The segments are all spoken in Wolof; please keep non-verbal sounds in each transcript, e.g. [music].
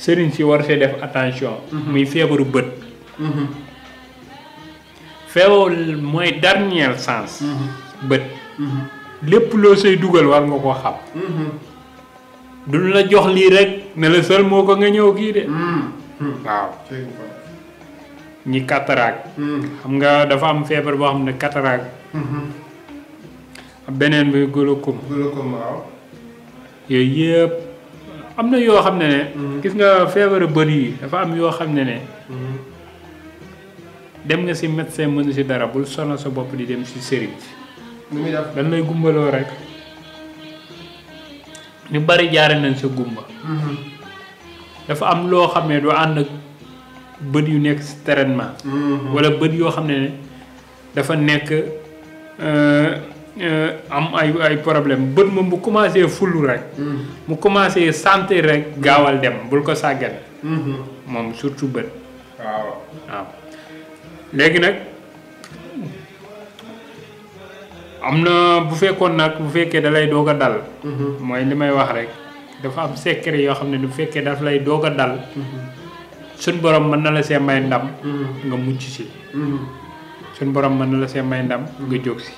sëriñ si war see def attention. Mhm. muy feebaru bët. Mhm. feebar mooy dernier sens. Mhm. bët. lépp loo say dugal war nga ko xam. duñ la jox lii rek ne la sël moo ko nga ñëw kii de. ñi cataracte. xam nga dafa am feebar boo xam ne cataracte. beneen bi glaucome. glaucome yooyu yëpp. amna na xamne ne ne mm-hmm. gis nga fièvre bëri dafa am yo xamne ne mm-hmm. dem nga si médecin mënu si dara bul sonna sa bop di dem si sëriñ si dañ lay gumbalo rek ni bari jaare nañ sa gumba mm-hmm. dafa am lo xamne ne and ak beut yu ci terrain ma wala beut yo xamne ne ne dafa nekk euh, Euh, am ay ay problème bët moom bu commencé fullu rek. mu mm-hmm. commencé santé rek gaawal dem bul ko sàggan. Mm-hmm. moom surtout bët. waaw waaw léegi nag am na bu fekkoon nag bu fekkee da lay doog a dal. Mm-hmm. mooy li may wax rek dafa am secret yoo xam ne bu fekkee daf lay doog a dal. suñ borom mën na la see may ndam. nga mucc si. suñ borom mën na la see may ndam nga jóg si.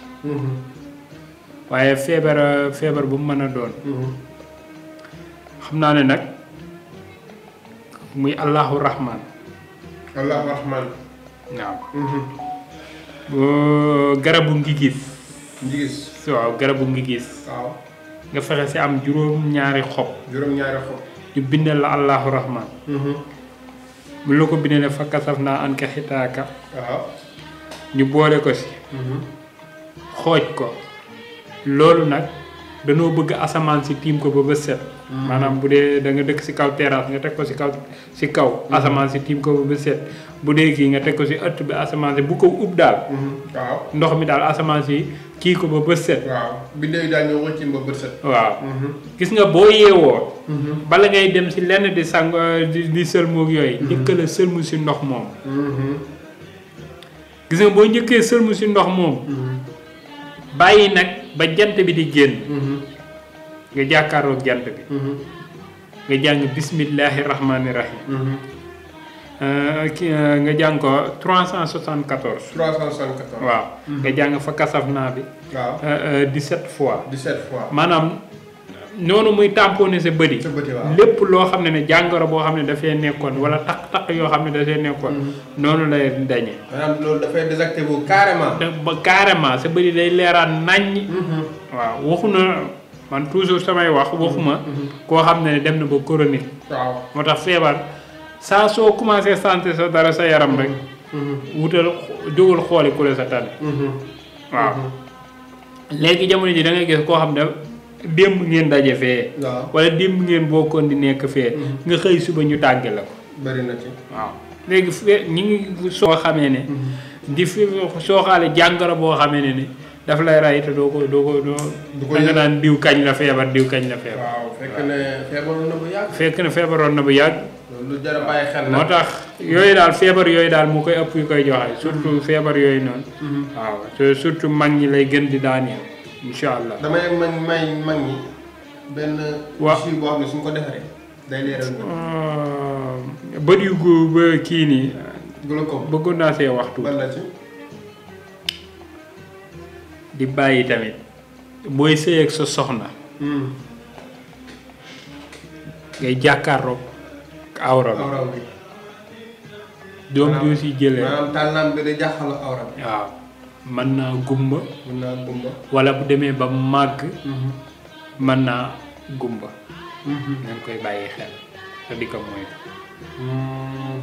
waaye Feber feebar bu mu mën a doon mhm. xam ne nag muy allahu rahman allahu rahman waaw mhm. garabu ngi gis ngi gis waaw garabu ngi gis waaw nga fexe si am juróom-ñaari xob juróom-ñaari xob ñu bindal la allahu rahman mhm. bu la ko ne fa kasaf naa an ka xitaaka waaw ñu boole ko si xooj ko loolu nak dañu bëgg asaman ci tim ko ba bët set mm-hmm. maanaam bu dee da nga dëkk ci kaw terrasse nga tek ko si kaw ci kaw mm-hmm. asaman ci tim ko ba bët set bu dee kii nga tek ko ci ëtt bi asaman si bu ko ub dal mm-hmm. waaw ndox mi dal asaman si ki ko ba bët set waaw bi léegi daal nga ci ba bët set waaw gis nga yéwo ba la ngay dem ci lenn di sang euh, di sëlmoog yooyu njëkka la sëlmu si ndox mom gis nga boo njëkkee sëlmu si ndox mom bayyi nak ba jant bi di génn mm-hmm. nga jàkkaaroog jant bi mm-hmm. nga jàng bismillahi rahmaani rahim mm-hmm. euh, euh, nga jàng ko 374. 374 waaw. nga jàng fa kasaf naa bi. waaw 17 euh, fois. 17 fois maanaam. noonu muy tamponné sa bëri lépp loo xam ne ne jàngoro boo xam ne dafay nekkoon wala taq-taq yoo xam ne dafay nekkoon mhm. noonu lay dañee maanaam loolu dafay désactivé carrément ba carrément sa bëri lay leeraan naññ mhm. waaw waxu na man toujours samay wax mhm. waxuma koo xam ne dem na ba chronique waaw moo tax feebar saa soo commencé santé sa dara sa yaram rek wutal jógul xooli ku la sa tane waaw léegi jamono ji da gis koo xam ne démb ngeen daje fee. waaw wala démb ngeen bokkoon di nekk fee. Mhm. nga xëy suba ñu tàggee la ko. bari na ci waaw. léegi fee ñi ngi soo xamee ne. Mhm. di fi soo xaale jàngoro boo xamee ne ni daf lay ray te doo ko doo ko doo. du naan diw kañ la feebar diw kañ la feebar. waaw fekk na feebaroon na bu yàgg. lu jar a bàyyi xel moo tax yooyu daal feebar yooyu daal mu koy ëpp yu koy joxe surtout mhm. feebar yooyu noonu. waaw surtout mag ñi lay gën di daaneel. incha allah damay mag may mag ñi benn. Uh, waaw bés boo xam ne suñ ko defaree day leeral ñu. bët yu ba kii nii. glaucome bëggoon naa see waxtu. wala ci. di bàyyi tamit booy sëy ak sa soxna. ngay jàkkaarloog awra bi. doom bi si jëlee. maanaam bi day jàkkaarloog awra waaw. man naa gumba mën naa gumba wala bu demee ba màgg mm-hmm. mën naa gumba mm-hmm. ngeen koy bàyyi xel te di ko mm-hmm.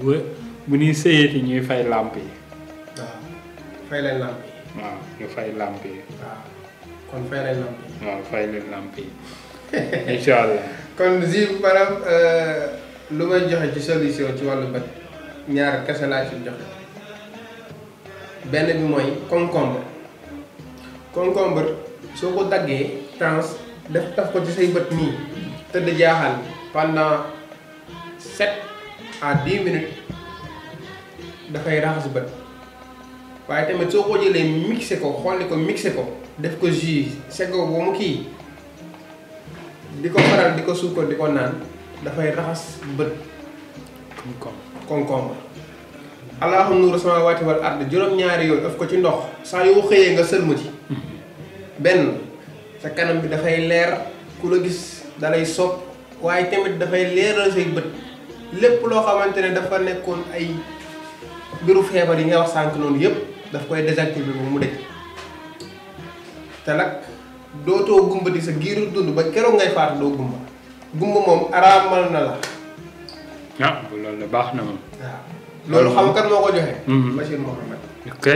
bu ñuy sëyeeti fay làmp yi waaw fay leen làmp yi waaw ñu fay làmp yi waaw fay leen làmp yi waaw [laughs] allah kon si maanaam euh, lu may joxe ci solution ci wàllu bët ñaar kese laa ci joxe benn bi mooy concombre concombre soo ko daggee transe def taf ko ci say bët nii tëdd jaaxal pendant sept à dix minutes dafay raxas bët waaye tamit soo ko jëlee mixé ko xolli ko mixé ko def ko jus segg ko ba mu kii di ko faral di ko suukar di ko naan dafay raxas bët concombre concombre allahu nuuru samaawaati wal ard juróom-ñaari yooyu daf ko ci ndox saa yoo xëyee nga sëlma ci benn sa kanam bi dafay leer ku la gis dalay sopp waaye tamit dafay leeral say bët lépp loo xamante ne dafa nekkoon ay mbiru feebar yi nga wax sànq noonu yëpp daf koy désactiver ba mu dëj te nag dootoo gumba di sa giiru dund ba keroog ngay faatu gumba gumba moom araamal na la waaw ah, loolu baax na moom loolu xam kan moo ko joxe. Mhm. Bachir Mouhamed. ok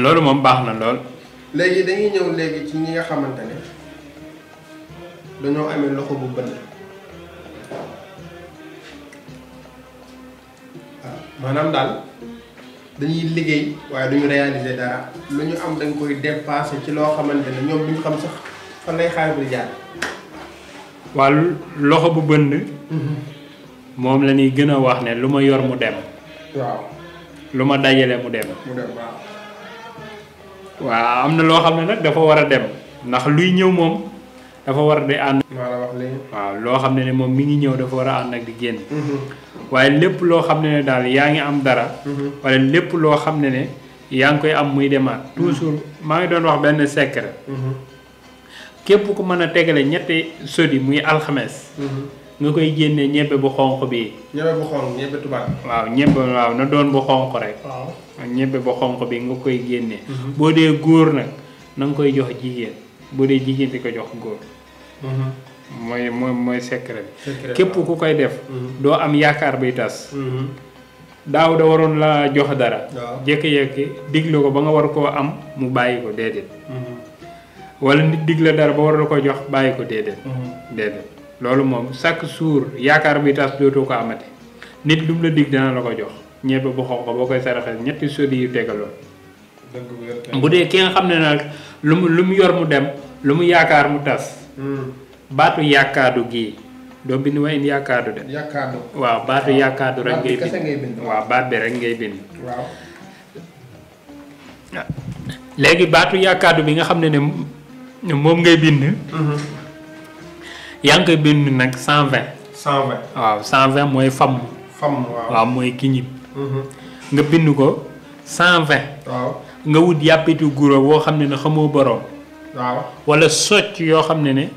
loolu moom baax na lool. léegi dañuy ñëw léegi ci ñi nga xamante ne dañoo amee loxo bu bënn waaw ah, maanaam daal dañuy liggéey waaye duñu réaliser dara lu ñu am dañ koy dépasser ci loo xamante ne ñoom duñu xam sax fan lay xaar bi jaar. waaw loxo bu bënn. Mhm. moom la ñuy gën a wax ne lu ma yor mu dem. waaw lu ma dajale mu dem. mu dem waaw. waaw am na loo xam ne nag dafa war a dem ndax luy ñëw moom dafa war di ànd. waaw loo xam ne ne moom mi ngi ñëw dafa war a ànd ak di génn. Mm-hmm. waaye lépp loo xam ne ne daal yaa ngi am dara. Mm-hmm. wala lépp loo xam ne ne yaa ngi koy am muy demaat. Mm-hmm. toujours maa ngi doon wax benn secret. képp ko mën a tegale ñetti sodi muy alxames. nga koy génne ñebbe bu xonq bi. ñebbe bu xonq waaw ñebbe waaw na doon bu xonq rek. waaw ñebbe bu xonq bi nga koy génne. Mhm. boo dee góor nag na nga koy jox jigéen boo dee jigéen di ko jox góor. Mhm. mooy mooy mooy secret képp ku koy def. Mhm. doo am yaakaar bay tas. daaw da waroon la jox dara. waaw jékki-jékki diglu ko ba nga war koo am mu bàyyi ko déedéet. wala nit digla dara ba war la ko jox bàyyi ko déedéet. déedéet. Lalu mom chaque jour yakar bi tass doto ko amati nit lu digdana la dig dana la ko jox ñebe bu xonq bokay koy saraxee ñetti sodi yu tegalo bu dee ki nga xam ne lum lum yor mu dem yakar mu tass hmm batu yakadu gi do bin way waaye yakadu dem yakadu wa batu yakadu rek ngay bin wa bat be rek ngay bin wa legi batu yakadu bi nga ne mom ngay bin hmm yaa ngi bind nag cent vingt. cent vingt waaw cent vingt mooy famm. famm waaw mooy kiñib. Mm-hmm. nga bind ko cent vingt. waaw nga wut yàppitu guro woo xam ne ne xamoo boroom. waaw wala socc yoo xam ne ne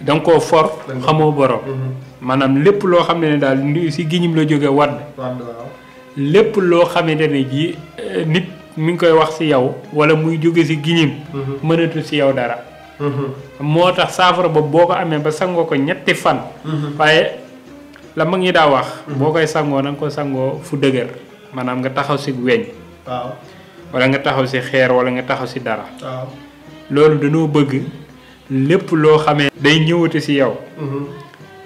da nga koo for. xamoo boroom. Mm-hmm. maanaam lépp loo xam ne ne daal si giñim la jóge wadd. lépp loo xamante ne ji eh, nit mu ngi koy wax si yow wala muy jóge si giñim. Mm-hmm. mënatu si yow dara. Mm-hmm. moo tax saafara boobu boo ko amee ba sangoo ko ñetti fan. Mm-hmm. waaye la mag ñi daa wax. Mm-hmm. boo koy sangoo na ko sangoo fu dëgër maanaam nga taxaw si weñ. waaw nga taxaw si xeer wala nga taxaw si dara. loolu dañoo bëgg lépp loo xamee. day ñëwati si yow.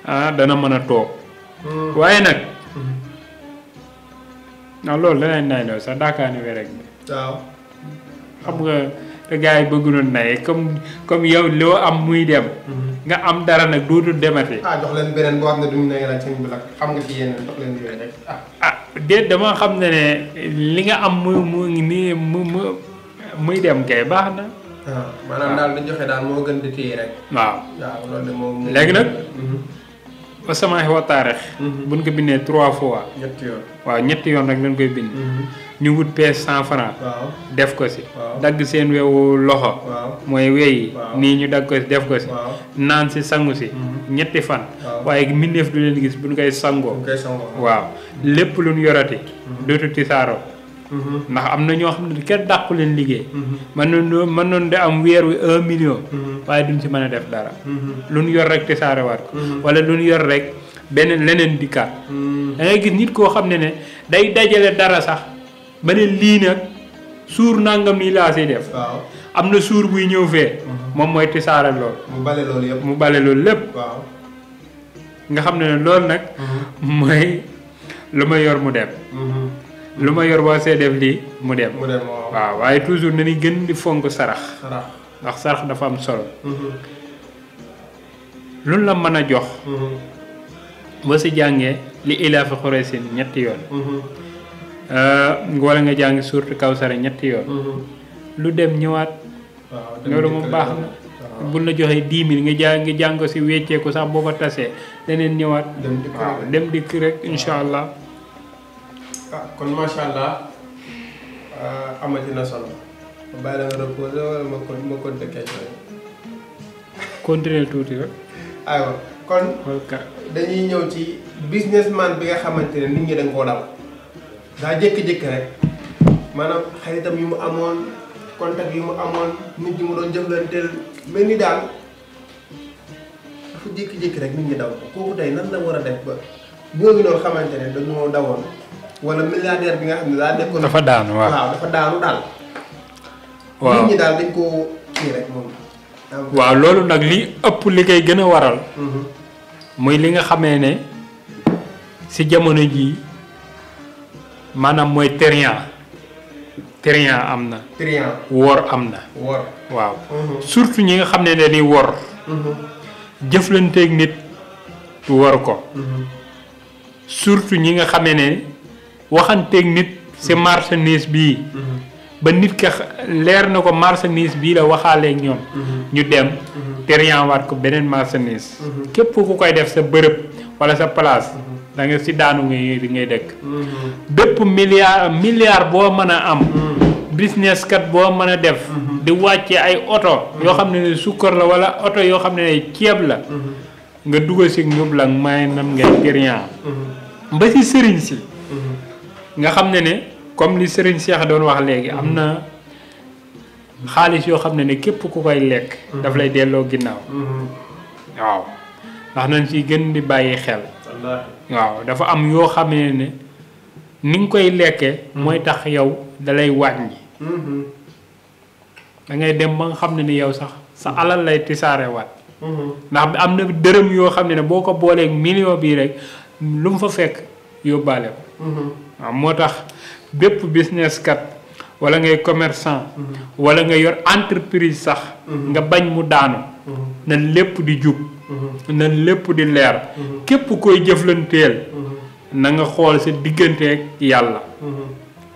Ah, dana mën a toog. waaye nag. non ah, loolu leneen sax daakaani we rek. xam nga. te gars yi bëgguloon naye comme comme yow loo am muy dem. Mhm. nga am dara nag dootul demati. ah jox beneen boo xam ne duñu naye nag sëñ bi nag xam nga ci yeneen jox leen yooyu ah. ah, dama xam ne ne li nga am muy muy nii mu mu muy dem kay baax na. waaw ah, daal di joxe daal moo gën di téye rek. waaw léegi nag. Mhm. wa sama wa taarix. Mhm. buñ ko bindee trois fois. ñetti yoon waaw ñetti yoon rek dañ koy bind. Mhm. ñu wut pees cent franc. def ko si. dagg seen wewu loxo. mooy wey nii ñu dagg ko si def ko si. naan si sangu si. Mhm. ñetti fan. waaye mbindeef du leen gis buñ koy sangoo. waaw lépp luñ yorati. dootu tisaaroo. Mm-hmm. ndax am na ñoo xam ne kenn dàqu leen liggéey. Mm-hmm. mën nañu mën nañu di am weer wi un million. Mm-hmm. waaye duñ ci mën a def dara. lu ñu yor rek te saarewaat ko. wala lu ñu yor rek beneen leneen di kaat. da gis nit koo xam ne ne day dajale dara sax ba ne lii nag suur nangam nii laa siy def. am na suur buy ñëw fee. moom mooy tisaare lool. mu bale loolu lépp. nga xam ne lool nag. mooy lu ma yor mu dem. lu ma yor boo see def lii mu dem. waaw waaye toujours nañu gën di fonk sarax. sarax ndax sarax dafa am solo. Mm-hmm. luñ la mën a jox. Mm-hmm. boo si jàngee li ilaafi xuraysin ñetti yoon. Mm-hmm. Euh, wala nga jàng kaw kawsara ñetti yoon. lu dem ñëwaat. loolu moom baax na. buñ la joxee dix mille nga jàng nga ko si wecceeku sax boo ko tasee leneen ñëwaat. dem di rek rek incha allah. ah kon macha allah ah, amati na solo ma bàyyi la nga ma con ma compter question tuuti rek. aywa kon. dañuy ñëw ci business man bi nga xamante ne nit ñi da koo daw. daa jékki-jékki rek maanaam xaritam yu mu amoon contact yu mu amoon nit ñu mu doon jëflanteel mel ni daal dafa jékki-jékki rek nit ñi daw kooku tey nan la war a def ba ñoo ngi xamante ne dañoo dawoon. wala milliardaire bi nga xam ne daa nekkoon. dafa daanu waaw waaw dafa daanu dal waaw nit ñi daal dañ rek waaw li ëpp li waral. Mhm. muy li nga xamee ne si jamono jii maanaam mooy terrain trian am na. wor am wor waaw. Mhm. surtout ñi nga wor. Mhm. nit wor ko. surtout ñi nga waxanteeg nit si marchandise bii mm-hmm. ba nit ka leer na ko marchandise bii la waxaaleeg ñoom mm-hmm. ñu dem mm-hmm. waat ko beneen marchandise képp ku koy def sa bërëb wala sa palaas da nga si daanu ngay ngay dëkk bépp milliard milliard boo mën a am business kat boo mën a def di wàcce ay oto yoo xam ne ne sukkar la wala oto yoo xam ne ne ceeb la nga dugal si ñub la may nam ngay teriyan ba si sëriñ si nga xam ne ne comme li Serigne Cheikh doon wax léegi am na xaalis yoo xam ne ne képp ku koy lekk. Mhm. daf lay delloo ginnaaw. Mhm. waaw ndax nañ ci gën di bàyyi xel. waaw dafa am yoo xam ne ne ni nga koy lekkee. Mhm. mooy tax yow dalay lay wàññi. da dem ba nga xam ne ni yow sax sa alal lay waat ndax am na dërëm yoo xam ne ne boo ko booleeg million bii rek lu mu fa fekk yóbbaale ko. waaw moo tax bépp business kat wala ngay commerçant mhm. wala nga yor entreprise sax mhm. nga bañ mu daanu mhm. nan lépp di jub nan lépp di leer képp koy jëflanteel na nga xool sa digganteeg yàlla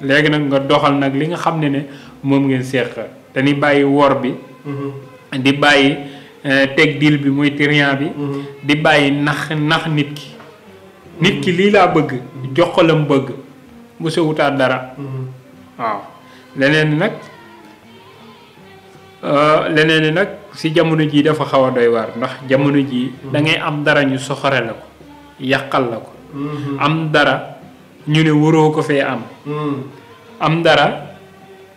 léegi nag nga doxal nag li nga xam ne ne moom ngeen seq dañuy bàyyi wor bi di bàyyi eh, teg dil bi muy trian bi di bàyyi nax nax nit ki nit ki lii laa bëgg jox bëgg bu wuta dara waaw mm-hmm. ah. leneen nak euh leneen nak si jamono ji dafa xawa doy war ndax jamono ji da mm-hmm. ngay am dara ñu soxore la ko yàqal la ko mm-hmm. am dara ñu ne woro ko fe am mm. am dara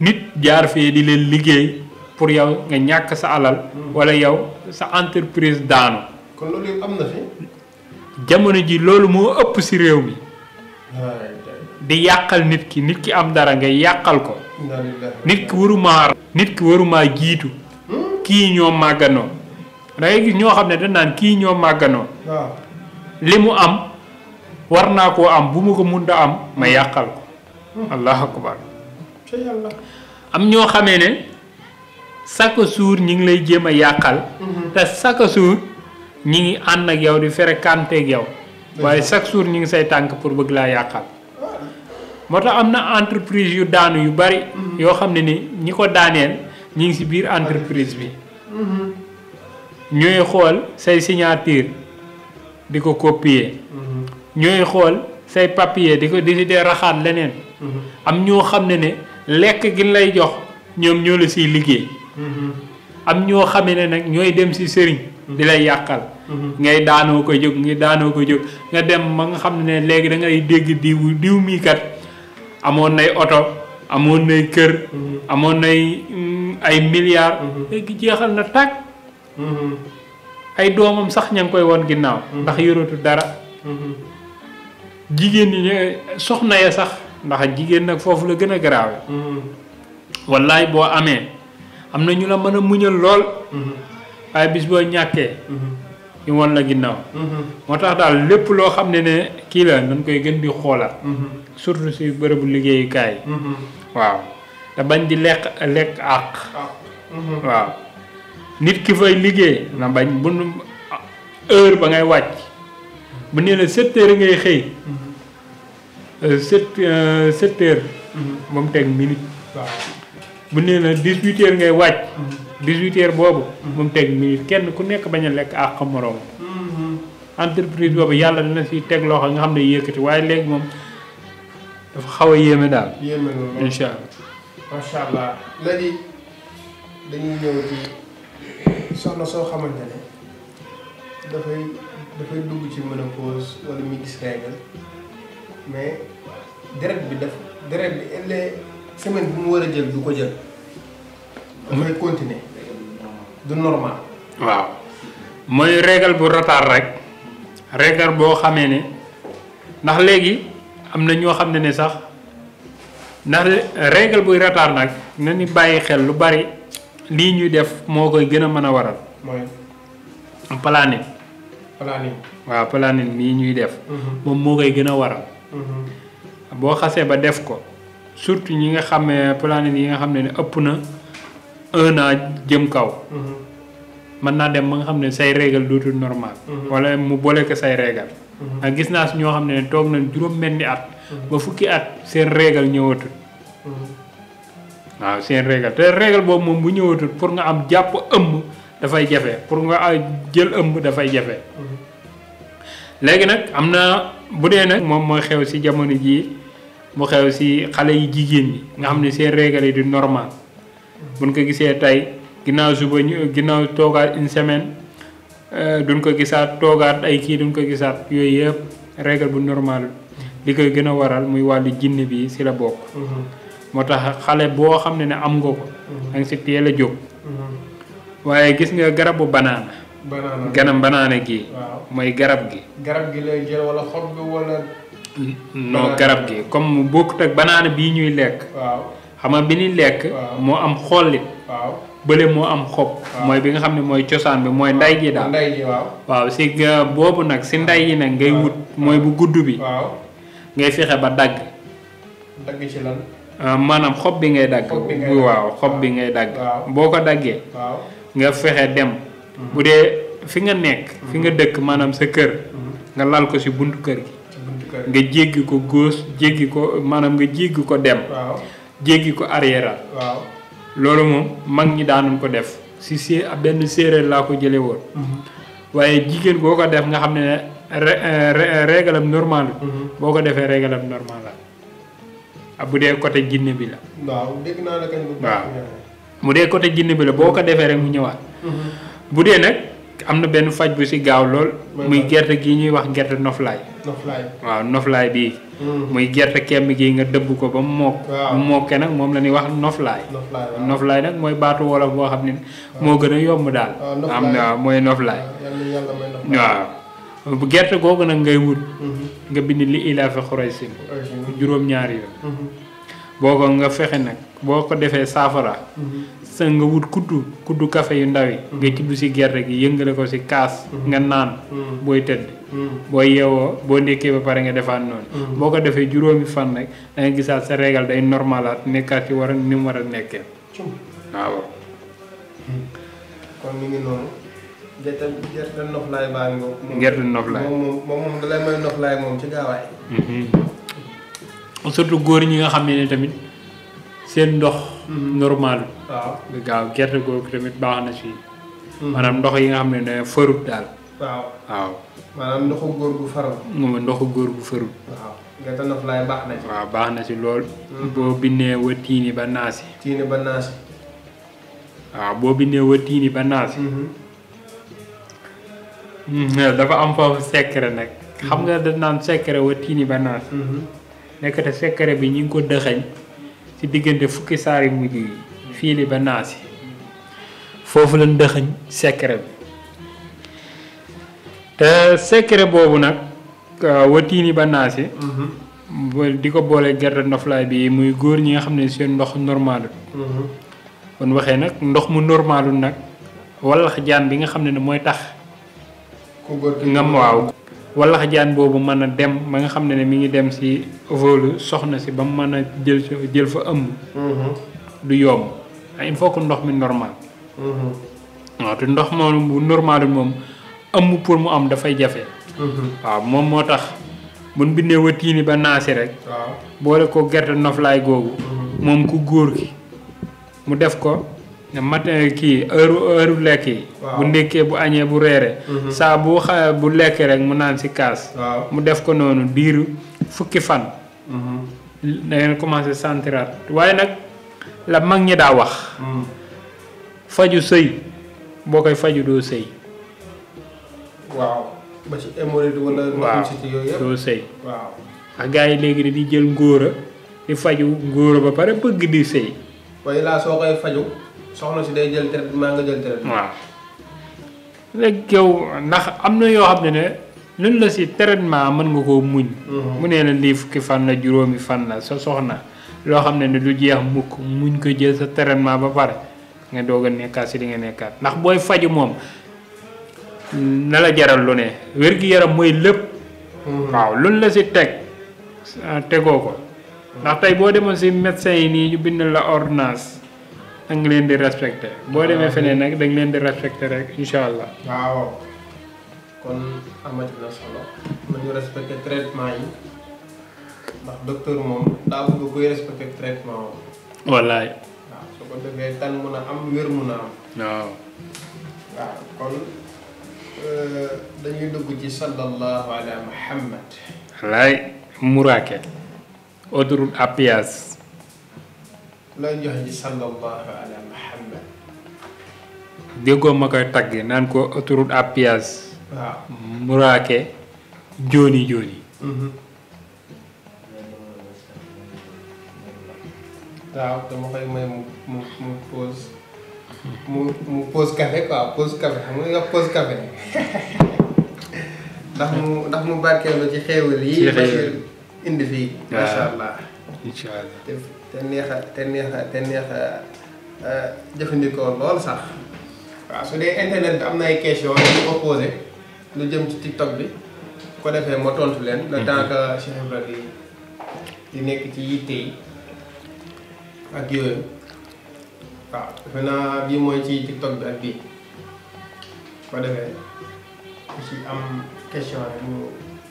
nit jaar fe di leen liggey pour yow nga ñak sa alal mm. wala yow sa entreprise daanu kon loolu am na fi jamono ji loolu moo ëpp si réew mi di yàqal nit ki nit ki am dara nga yàqal ko nit ki waruma nit ki waruma jiitu kii ñoo màgganoo da gis ñoo xam ne dañ naan kii ñoo màgganoo li mu am war naa koo am bu mu ko mun a am ma hmm. yàqal ko hmm. allahu akbar am ñoo xamee ne chaque jour ñi ngi lay jéem a yàqal hmm. te chaque jour ñi ngi ànd ak yow di fréquenté ak yow waaye chaque jour ñi ngi say tànk pour bëgg laa yàqal motax amna entreprise yu daanu yu bari yo xamne ni ñiko daaneel ñi ngi ci biir entreprise bi ñoy xol say signature diko copier ñoy xol say papier diko décider raxaat leneen am ñoo xamne ne lek gi lay jox ñom ñoo la ci liggéey am ñoo xamee nak ñoy dem si sëriñ di lay yakal ngay daano ko jog ngay daano ko jog nga dem ma nga xamne ne da ngay dégg diiw diiw mi kat amoon nay oto amoon nay kër mhm. amoon nay mm, ay milliards mhm. léegi jeexal na takk mhm. ay doomam sax ña ngi koy won ginnaaw ndax yoratu dara jigéen ñi soxna ya sax ndax jigéen nag foofu la gën a garaawe wallaay boo amee am na ñu la mën a muñal lool waaye bis boo ñàkkee ñu wan la ginnaaw. Mm-hmm. moo tax daal lépp loo xam ne ne kii la nañ koy gën di xoolaat. Mm-hmm. surtout si bërëbu liggéeyukaay. Mm-hmm. waaw te bañ di lekk lekk àq. Ah. waaw nit ki fay liggéey na bañ bu heure ba ngay wàcc bu nee la sept ngay xëy. Euh, sept euh, sept heures. ba teg minute. bu nee la dix ngay wàcc. dix-huit heures boobu. minute kenn ku nekk bañ a lekk àq entreprise boobu yàlla dina si teg loxo nga xam ne yëkkati waaye léegi dafa xaw a yéeme daal. yéeme loolu incha allah. dañuy ñëw ci soxna soo xamante ne dafay dafay dugg ci ménopause wala mi gis règle mais deret bi def deret bi elle semaine bu mu war jël du ko jël. dafay continuer du normal. waaw mooy régal bu retard rek régal boo xamee ne ndax léegi am na ñoo xam ne ni sax ndax régal buy retard nag na ni bàyyi xel lu bari lii ñuy def moo koy gën a mën a waral. mooy planning. waaw planning mii ñuy def. Mm-hmm. moom moo koy gën a waral. Mm-hmm. boo xasee ba def ko surtout ñi nga xam ne planning yi nga xam ne ëpp na. un an jëm kaw. Mhm. mën naa dem ba nga xam ne say régal dootul normal. Mhm. wala mu boole ko say régal. Mhm. ndax gis naa si ñoo xam ne toog nañ juróom-benni at. ba fukki at seen régal ñëwatul. waaw seen régal te régal boobu moom bu ñëwatul pour nga am jàpp ëmb dafay jafe pour nga jël ëmb dafay jafe. léegi nag am na bu dee nag moom mooy xew si jamono jii mu xew si xale yi jigéen ñi nga xam ne seen régal yi du normal. buñ ko gisee tey ginnaaw suba ñu ginnaaw toogaat une semaine euh, duñ ko gisaat toogaat ay kii duñ ko gisaat yooyu yëpp règle bu normal li koy gën a waral muy wàllu jinne bi ci la bokk mm-hmm. moo tax xale boo xam ne ne am nga ko mm-hmm. da nga a jóg mm-hmm. gis nga garabu banaana banaana ganam banaana gi. mooy garab gi. garab gi lay jël wala xob bi wala. non garab gi comme bokkut ak banaana bii ñuy lekk. waaw xam nga bi ñuy lekk. moo am xollit. waaw bële moo am xob. mooy bi nga xam ne mooy cosaan bi mooy nday ji daal. waaw si euh, boobu nag si nday yi nag ngay wut mooy bu gudd bi. ngay fexe ba dagg. dagg ci lan. Euh, maanaam xob bi ngay dagg. waaw xob bi ngay dagg. boo ko daggee. nga fexe dem. Mhm. bu dee fi nga nekk. fi nga mhm. dëkk maanaam sa kër. Mhm. nga lal ko si buntu kër gi. nga jéggi ko góos jéggi ko maanaam nga jéggi ko dem. jéggi ko arrière waaw loolu moom mag ñi daanuñ ko def si si benn séeréer laa ko jëlee woon. Mm-hmm. waaye jigéen boo ko def nga xam ne euh, euh, régalam normal mm-hmm. boo ko defee régalam normal la ah, bu dee côté jinne bi la. waaw dégg mu dee côté jinne bi la boo ko defee rek mu ñëwaat. Mm-hmm. bu dee nag. am na benn faj bu si gaaw lool. muy gerte gi ñuy wax gerte noflaay. noflaay waaw noflaay bii. Hmm. muy gerte kemb gi nga dëbb ko ba mu mokk. mu mokkee nag moom la ñuy wax noflaay. noflaay nag mooy baatu wolof boo xam ne moo gën a yomb daal. am na waaw mooy noflaay. waaw gerte googu nag ngay wut. Hmm. nga bind li ilaafi Quraysin juróom-ñaari yoon. Hmm. boo ko nga fexe nag boo ko defee saafara. sa nga wut kuddu kuddu kafe yu ndaw yi nga tibb si gerte gi yëngale ko si kaas mm-hmm. nga naan mm-hmm. booy tëdd mm-hmm. booy yeewoo boo nekkee ba pare nga defaat noonu boo ko defee juróomi fan rek da nga sa régal day normalaat nekkaat ci war a ni mu war a nekkee waaw ngi noonu gerte gerte noflaay baa ngi gerte surtout góor ñi nga xam ne ne tamit seen ndox. Mhm. normal. waaw gaaw gerte googu tamit baax na si. Mhm. maanaam ndox yi nga xam ne ne farut daal. waaw waaw. maanaam ndoxu góor gu farut. moom waaw baax na ci. si lool. Mhm. boo bindee wa tiini ba naasi. tiini ba naasi. waaw boo bindee wa tiini ba naasi. dafa am foofu secret nag. xam nga da naan secret wa tiini ba naasi. nekk te bi ñu ngi ko dëxañ. ci diggante fukki saar yu mujj yi fii li ba naasi foofu lañ dëxëñ secret bi te secret boobu nag euh, watiini ba naasi mhm. di ko boole gerte noflaay bii muy góor ñi nga xam ne seen ndox normalul mhm. kon waxee nag ndox mu normalul nag walax jaan bi nga xam ne ne mooy tax nga waaw wala jaan boobu mën mana dem ma nga xamne mi ngi dem si volu soxna si bam mu a jël jël fa ëmb mm-hmm. du ay ah, il faut que ndox mi normal mm-hmm. waaw te ndox moom bu normal mom, ëmb pour mu am dafay jafe mm-hmm. waaw moom moo tax mun bindee watiini ba nasi rek le ko gerte noflay gogou mom ku gor ki mu def ko matin kii heure heure bu lekk yi. bu ndékkee bu añee bu reeree. Mhm. saa bu xa bu lekkee rek mu naan si kaas. mu def ko noonu diiru fukki fan. Mhm. da ngeen commencé sentiraat waaye nag la mag ñi daa wax. Mhm. faju sëy boo koy faju doo sëy. waaw ba ci hémorroïde wala. doo sëy. waaw ndax léegi di jël ngóora di faju ngóora ba pare bëgg di sëy. waaye laa soo koy faju soxna si day jël traitement nga jël traitement. waaw ndax am na yoo xam ne ne la si traitement mën nga koo muñ. Mhm. mu ne la lii fukki fan la juróomi fan la so soxna loo xam ne ne du jeex mukk muñ ko jël sa traitement ba pare nga doog a nekkaat si li nga nekkaat ndax booy faju moom na la jaral lu ne wér-gi-yaram mooy lépp. Mhm. waaw luñ la si teg ah, tegoo ko. ndax tey boo demoon si médecin yi nii ñu bind la ordonnance. da nga leen di respecté boo ah, demee feneen nag da leen di respecté rek incha allah. waaw kon amati na solo nañu respecté traitement yi ndax docteur moom daa bëgg koy respecté traitement am. wallaay. waaw su ko defee tan mun a am wér mun a am. waaw. waaw kon euh, dañuy dugg ci sallallahu ala muhammad. wallaay. Muraake autoroute à looy joxe ji sallallahu ala koy tagg naan ko autoroute à péage waaw muraake jóoni jóoni mhm. mu mu mu pause mu mu pause nga nga pause [laughs] ndax mu ndax mu barkeeloo ci xéewal yi. ci xéewal allah incha te neex te neex te neex jëfandikoo lool sax waaw su dee internet bi am na ay question yu ko lu jëm ci tiktok bi ko defee ma leen le nekk ci yitte yi mooy ci tiktok bi ak bii ko defee ku ci am question rek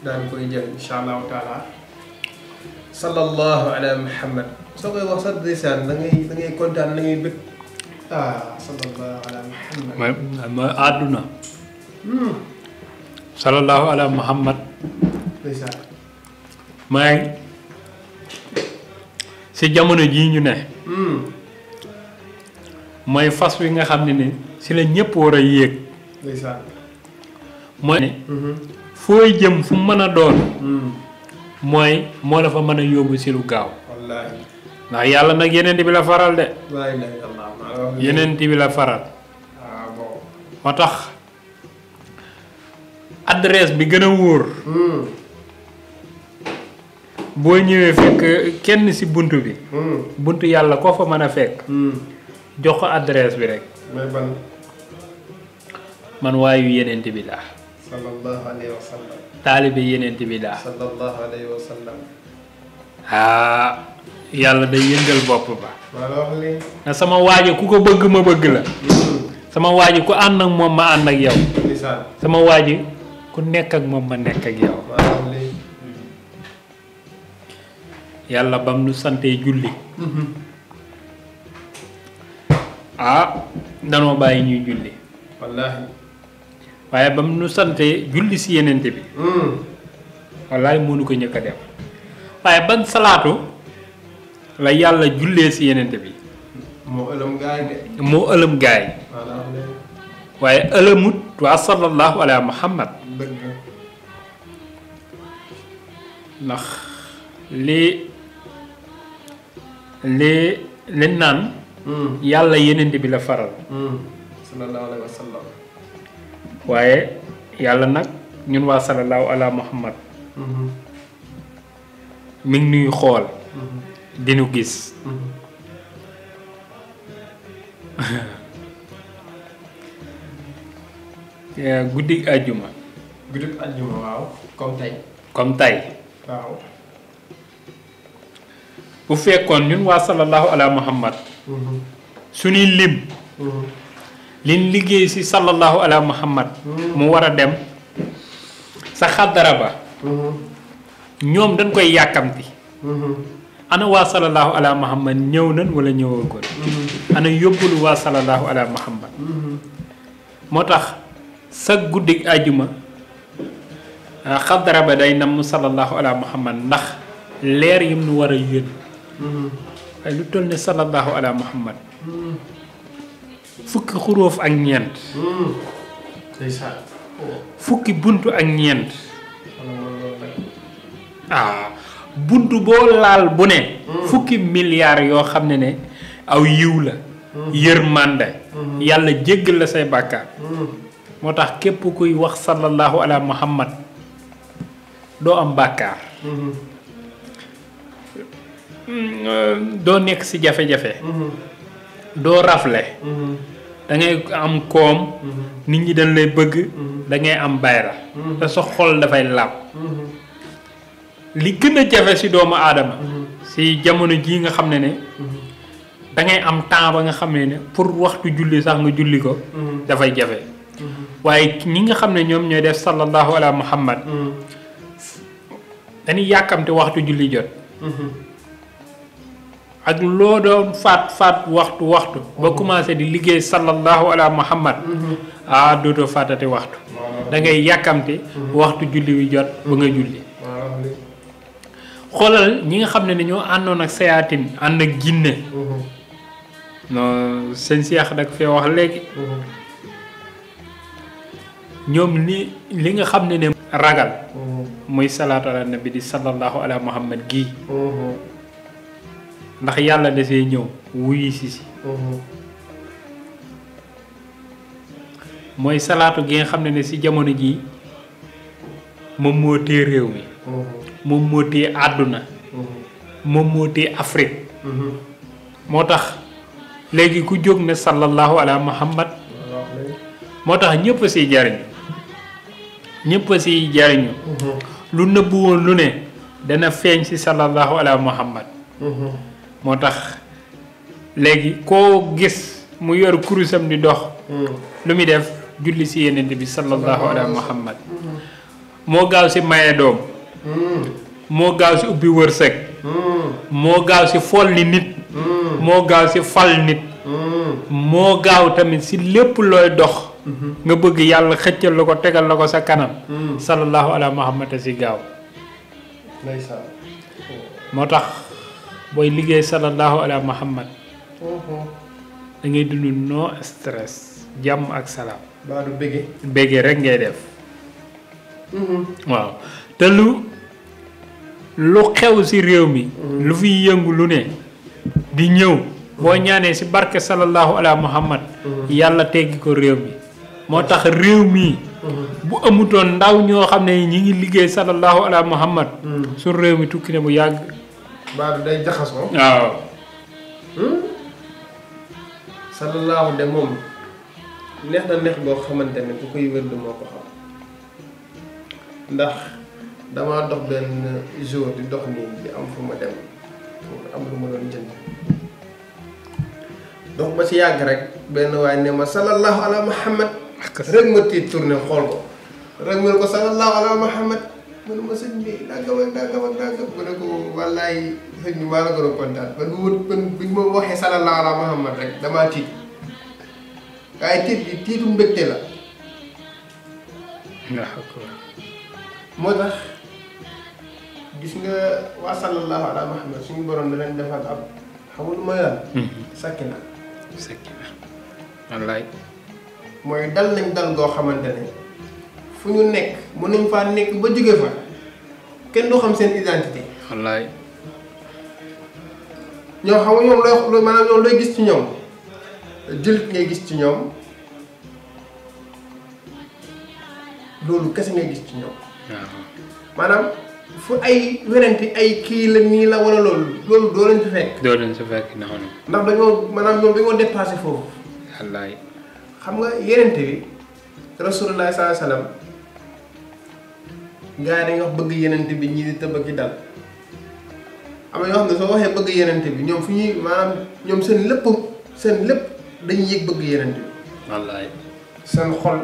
daan koy jël incha allahu taala sallallahu ala muhammad soo koy wax sax ndeysaan da ngay kontaan da ngay bëgg ah sallallahu ala muhammad àdduna. Hmm. sallallahu ala muhammad. ndeysaan. mooy si jamono jii ñu ne. Hmm. mooy fas wi nga xam ne ni si la ñëpp war a yéeg. mooy mm-hmm. fooy jëm fu mën a doon. Hmm. mooy moo la fa mën a yóbbu si lu gaaw. ndax yàlla nag yeneen bi la faral de yeneen bi la faral ah, moo tax adresse bi gën a wóor hmm. boo ñëwee fekk kenn ci bunt bi hmm. bunt yàlla koo fa mën a fekk hmm. jox ko adresse bi rek man waayu yeneent bi laa sallallahu alayhi bi laa sallallahu yalla day yëngal bop ba na sama waji ku ko bëgg ma bëgg la sama waji ku and ak mom ma and ak yow sama waji ku nekk ak mom ma nekk ak yow yalla bam nu santé julli ah danoo bayyi ñuy julli wallahi waye bam nu santé julli ci yenente bi hmm. mënu ko ñëk def ban salatu la yàlla jullee ci yenente bi moo ëlëm gaay de moo ëlëmut waa sallallahu ala muhammad ndax li li naan hmm. yàlla yenente bi la faral hmm. waaye yàlla nag ñun waa sallallahu ala muhammad hmm. mi nuy xool dinukis hmm. [laughs] ya gudik aljuma Gudik aljuma wow. comme tey Wow. bu fekkon ñun wa sallallahu ala muhammad mhm. Suni lim mhm. Lin liggey si sallallahu ala muhammad mhm. mu wara dem sa khadara ba ñoom dañ koy yakamti. ana waa salallahu ala muhammad ñëw nan wala ñëwagoon ana yóbbalu waa salallahu ala muhammad moo tax sa guddig àjjuma ah, xadara ba day nam salallahu ala muhammad ndax leer yim nu war a yónni waaye lu toll ne salallahu ala muhammad fukki xuróof ak ñeent fukki buntu ak ñeent buntu bo laal bu ne hmm. fukki milliards yo xamne ne aw yiw la hmm. yërmande hmm. yalla jéggal la say bàkkaar motax kuy wax sallallahu ala muhammad do am bakkar euh, do nek ci jafe-jafe do rafle da ngay am kom nit ñi dañ lay bëgg da ngay am bayra da sa xol fay lapp li gëna jafé doa doomu adama si mhm. jamono ji nga xamné né mhm. da ngay am temps ba nga xamné né pour waxtu julli sax nga julli ko mhm. fay jafé waye ñi nga xamné ñom ñoy def sallallahu ala muhammad dañi yàkkamte waxtu julli jot ak lo doon fat fat waxtu waxtu ba commencé di liggé sallallahu ala muhammad do ah, do fatati waxtu da ngay yàkkamte waxtu julli wi jot ba nga julli xoolal ñi nga xam ne ñoo àndoon ak sayaatin ànd ak jinne mhm. non sëñ Cheikh da fee wax léegi mhm. ñoom li li nga xam ne ne ragal mhm. muy salaatu ala nabi di sallallahu ala muhammad gii ndax yàlla da see ñëw wuyu si si mooy salaatu gi nga xam ne ne si jamono jii moom moo réew mi mom mhm. mhm. moo aduna mom moom Afrique motax tax ku jog ne sallallahu ala muhammad motax ñepp ci siy ñepp ci siy mhm. lu neub won lu ne dana feñ ci sallallahu ala muhammad motax tax ko gis mu yor kurusam di dox lu mi def julli ci yenenbi sallallahu ala muhammad mo gaaw si maye dom moo gaaw si ubbi wërsëg moo gaaw si folli nit moo gaaw si fal nit moo gaaw tamit si lépp looy dox nga bëgg yàlla xëccal la ko tegal la ko sa kanam sallallahu ala muhammad si gaaw moo tax booy liggéey sallallahu ala muhammad da ngay dund no stress jàmm ak salaam baadu bége bége rek ngay def mm-hmm. waaw te lu lu xew ci réew mi. lu fi yëngu lu ne di ñëw. boo ñaanee si barke sallallahu ala muhammad. yàlla teggi ko réew mi moo tax réew mi. bu amutoon ndaw ñoo xam ne ñi ngi liggéey sallallahu ala muhammad. su réew mi tukki ne mu yàgg. baadu day jaxasoo. waaw. Hmm? de neex na neex boo xamante ne ku koy wér du moo ko xam ndax. damaa dox benn jour di dox nii di am fu ma dem dox ba ci yàgg rek benn waaye ne ma sallallahu ala muhammad rek ma tiit tourné xool ko rek ma ne ko sallallahu ala muhammad ma sëñ bi nangam ak nangam ak nangam mu ne ko wallaay sëñ bi maa la gën a ala muhammad rek damaa tiit waaye tiit bi tiitu la. moo tax. gis nga wa sallallahu ala muhammad suñu borom da leen defal ab xamul ma lan hmm. sakina sakina man lay moy dal nañ dal go xamantene fuñu nek mu nekk nañ ba jóge fa kenn do xam sen identité ño xam ñom lay looy Manam. ñom lay gis ci ñom jël ngay gis ci ñom lolu kess ngay gis ci ñom manam fu ay werante ay kii la nii la wala loolu loolu doo leen ci fekk. doo leen ci fekk ndax dañoo maanaam ñoom dañoo dépassé foofu. wallaay. xam nga yerente bi rasulullah saa salaam gars yi dañuy wax bëgg yenente bi ñii di tëb ak dal am na ñoo xam ne soo waxee bëgg yenente bi ñoom fu ñuy maanaam ñoom seen lëpp seen lépp dañuy yëg bëgg yenente bi wallaay seen xol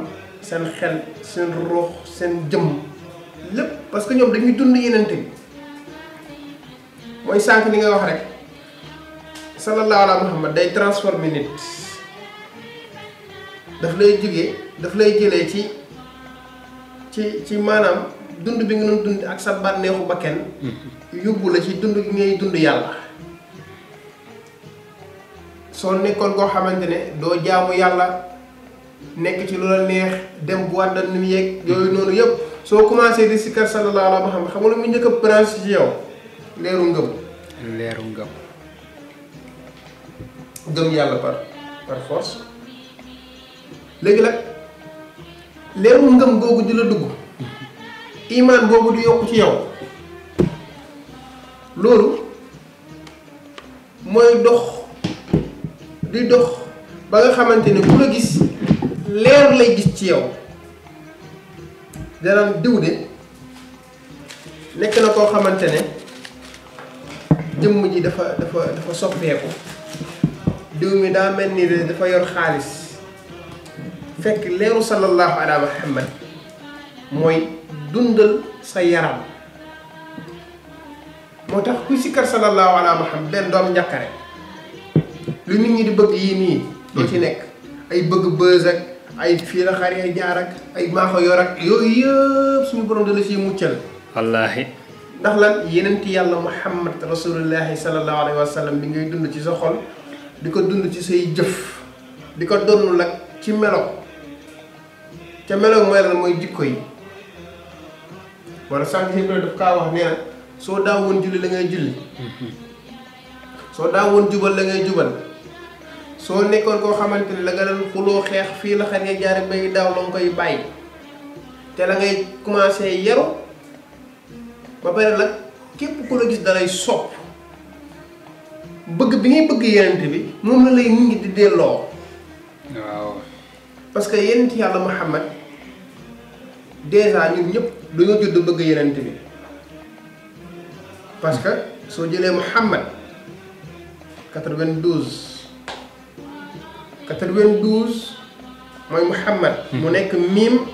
seen xel seen ruux seen jëmm lepp parce que ñom dañuy dund yenente moy sank ni nga wax rek sallallahu alaihi muhammad day transformer nit daf lay jógee daf lay jele ci ci ci manam dund bi nga doon dund ak sa banexu ba kenn la ci dund gi ngay dund yalla so nekkon koo xamantene ne jaamu yalla nek ci lu la neex dem bu wàndan ni mu yeeg yooyu noonu soo commencé di si sallallahu alayhi wa sallam xam nga mu njëkk a branche ci yow leeru ngëm. leeru ngëm. gëm yàlla par par force léegi nag leeru ngëm googu di la dugg imaan boobu di yokku ci yow loolu mooy dox di dox ba nga xamante ni ku la gis leer lay gis ci yow. danaan diw de nekk na koo xamante ne jëmm ji dafa dafa dafa soppeeku diw mi daa mel ni dafa yor xaalis fekk leeru sallallahu ala muhammad mooy dundal sa yaram moo tax ku sikkar sallallahu ala muhammad benn doom njàkkare lu nit ñi di bëgg yii nii. lu ci mm-hmm. nekk ay bëgg bëz ak ay fii la xar ay jaar ak ay maaxo yor ak yoy yeb suñu borom dala ci muccal wallahi ndax lan yenent yalla muhammad rasulullah sallallahu alaihi wasallam bi ngay dund ci sa xol diko dund ci say jëf diko ko nak ci melo ci melo moy lan moy jikko yi wala ci ko def ka wax ne na soo julli la ngay julli mhm. so daawoon jubal la ngay jubal so nekkon ko xamanteni la nga doon xuloo xeex fii la xane ngay jaare bay daw la nga koy bàyyi te la ngay commencé yero ba pare nag kep ko la gis dalay sop bëgg bi ngay bëgg yenent bi mom la lay nit ngi di delo waaw parce que yenent yalla Muhammad déjà ñun ñëpp dañoo jëd bëgg yenent bi parce que so jëlé Muhammad 92 92 mooy Muhammad. Hmm. mu nekk miim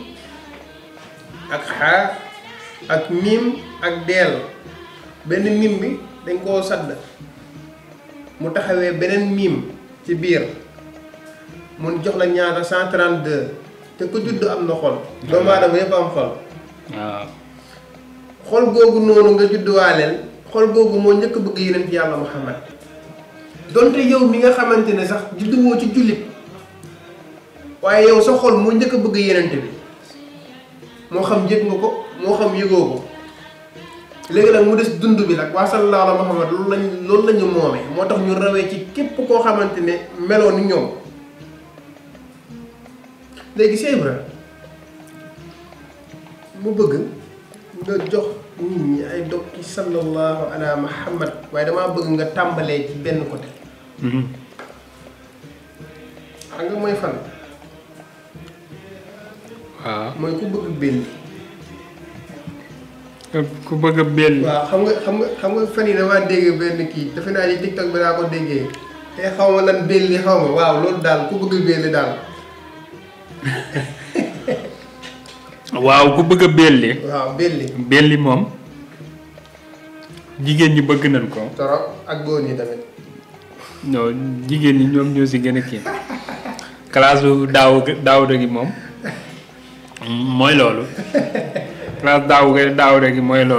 ak akdel, ak mim ak deel benn miim bi dañ koo sadd mu taxawee beneen miim ci biir mun jox la ñaata 132 te ku judd am na xol. doomu aadama yëpp am xol. waaw xol googu noonu nga judduwaaleel xol googu moo bëgg Muhammad. donte yow mi nga xamante ne sax judduwoo ci jullit waaye yow sa xol moo njëkk a bëgg yenente bi moo xam yëg nga ko moo xam yëgoo ko léegi nag mu des dund bi nag waa sallallahu alayhi wa sallam loolu loolu la ñu moomee moo tax ñu rawee ci képp koo xamante ne meloo ni ñoom léegi Cheikh mu bëgg nga jox nit ñi ay dog ci sallallahu ala muhammad waaye damaa bëgg nga tàmbalee ci benn côté Mhm. xam nga mooy fan. waaw mooy ku bëgg benn. ku bëgg benn. waaw xam nga xam nga xam nga fan yi damaa dégg benn kii defe naa ni TikTok bi daa ko déggee te xaw ma lan benn xaw ma waaw loolu daal ku bëgg benn daal. [laughs] waaw ku bëgg belli waaw belli belli moom jigéen ñi bëgg nañ ko torop ak góor ñi tamit non jigéen ñi ñoom ñoo si gën a kii classe daaw daawda gi moom mooy loolu classe daaw daawda gi mooy loolu